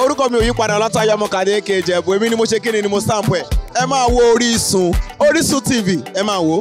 orúkọ mi ò yí padà Ọlátayọ̀ ọmọ Kàdéńkè Ìjẹ̀bú èmi ni mo ṣe kí ni mo stamp ẹ̀ ẹ máa wo Orísun Orísun TV ẹ máa wò ó.